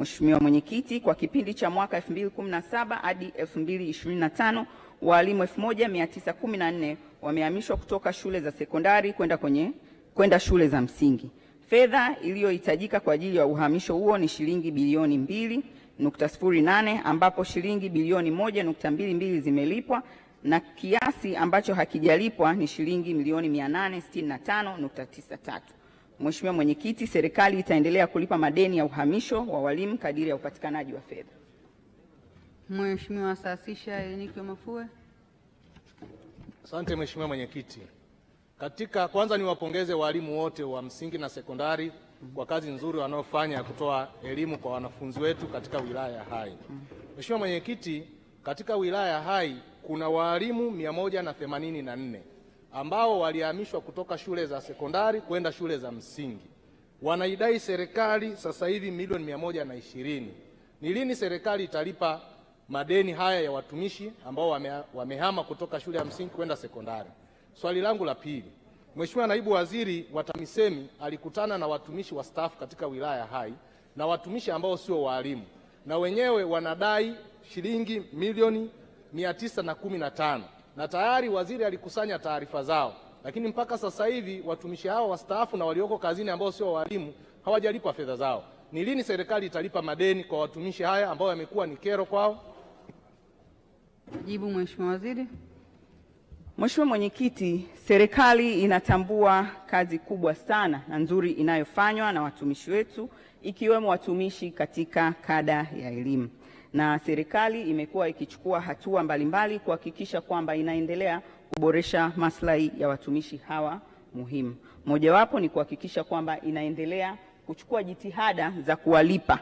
Mheshimiwa Mwenyekiti, kwa kipindi cha mwaka 2017 hadi 2025 walimu 1914 wamehamishwa kutoka shule za sekondari kwenda kwenye kwenda shule za msingi. Fedha iliyohitajika kwa ajili ya uhamisho huo ni shilingi bilioni 2.08 ambapo shilingi bilioni 1.22 zimelipwa na kiasi ambacho hakijalipwa ni shilingi milioni 865.93. Mheshimiwa Mwenyekiti, serikali itaendelea kulipa madeni ya uhamisho wa walimu kadiri ya upatikanaji wa fedha. Mheshimiwa Sasisha Enikyo Mafue. Asante Mheshimiwa Mwenyekiti. Katika kwanza niwapongeze walimu wote wa msingi na sekondari kwa kazi nzuri wanaofanya ya kutoa elimu kwa wanafunzi wetu katika wilaya ya Hai. Mheshimiwa Mwenyekiti, katika wilaya ya Hai kuna walimu 184 ambao walihamishwa kutoka shule za sekondari kwenda shule za msingi. Wanaidai serikali sasa hivi milioni mia moja na ishirini. Ni lini serikali italipa madeni haya ya watumishi ambao wame, wamehama kutoka shule ya msingi kwenda sekondari? Swali langu la pili, Mheshimiwa Naibu Waziri wa TAMISEMI alikutana na watumishi wa staff katika wilaya Hai na watumishi ambao sio waalimu na wenyewe wanadai shilingi milioni mia tisa na kumi na tano na tayari waziri alikusanya taarifa zao, lakini mpaka sasa hivi watumishi hao wastaafu na walioko kazini ambao sio walimu hawajalipwa fedha zao. Ni lini serikali italipa madeni kwa watumishi haya ambao yamekuwa ni kero kwao? Jibu Mheshimiwa Waziri. Mheshimiwa Mwenyekiti, serikali inatambua kazi kubwa sana na nzuri inayofanywa na watumishi wetu ikiwemo watumishi katika kada ya elimu na serikali imekuwa ikichukua hatua mbalimbali kuhakikisha kwamba inaendelea kuboresha maslahi ya watumishi hawa muhimu. Mojawapo ni kuhakikisha kwamba inaendelea kuchukua jitihada za kuwalipa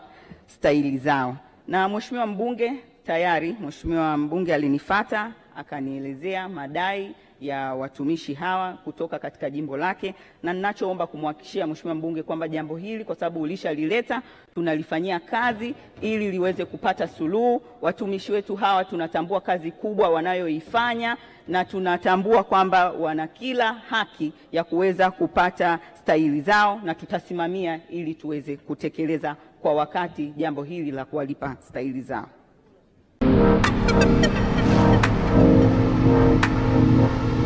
stahili zao, na mheshimiwa mbunge tayari, mheshimiwa mbunge alinifata akanielezea madai ya watumishi hawa kutoka katika jimbo lake, na ninachoomba kumhakikishia Mheshimiwa mbunge kwamba jambo hili kwa sababu ulishalileta, tunalifanyia kazi ili liweze kupata suluhu. Watumishi wetu hawa tunatambua kazi kubwa wanayoifanya na tunatambua kwamba wana kila haki ya kuweza kupata stahili zao, na tutasimamia ili tuweze kutekeleza kwa wakati jambo hili la kuwalipa stahili zao. Thank you.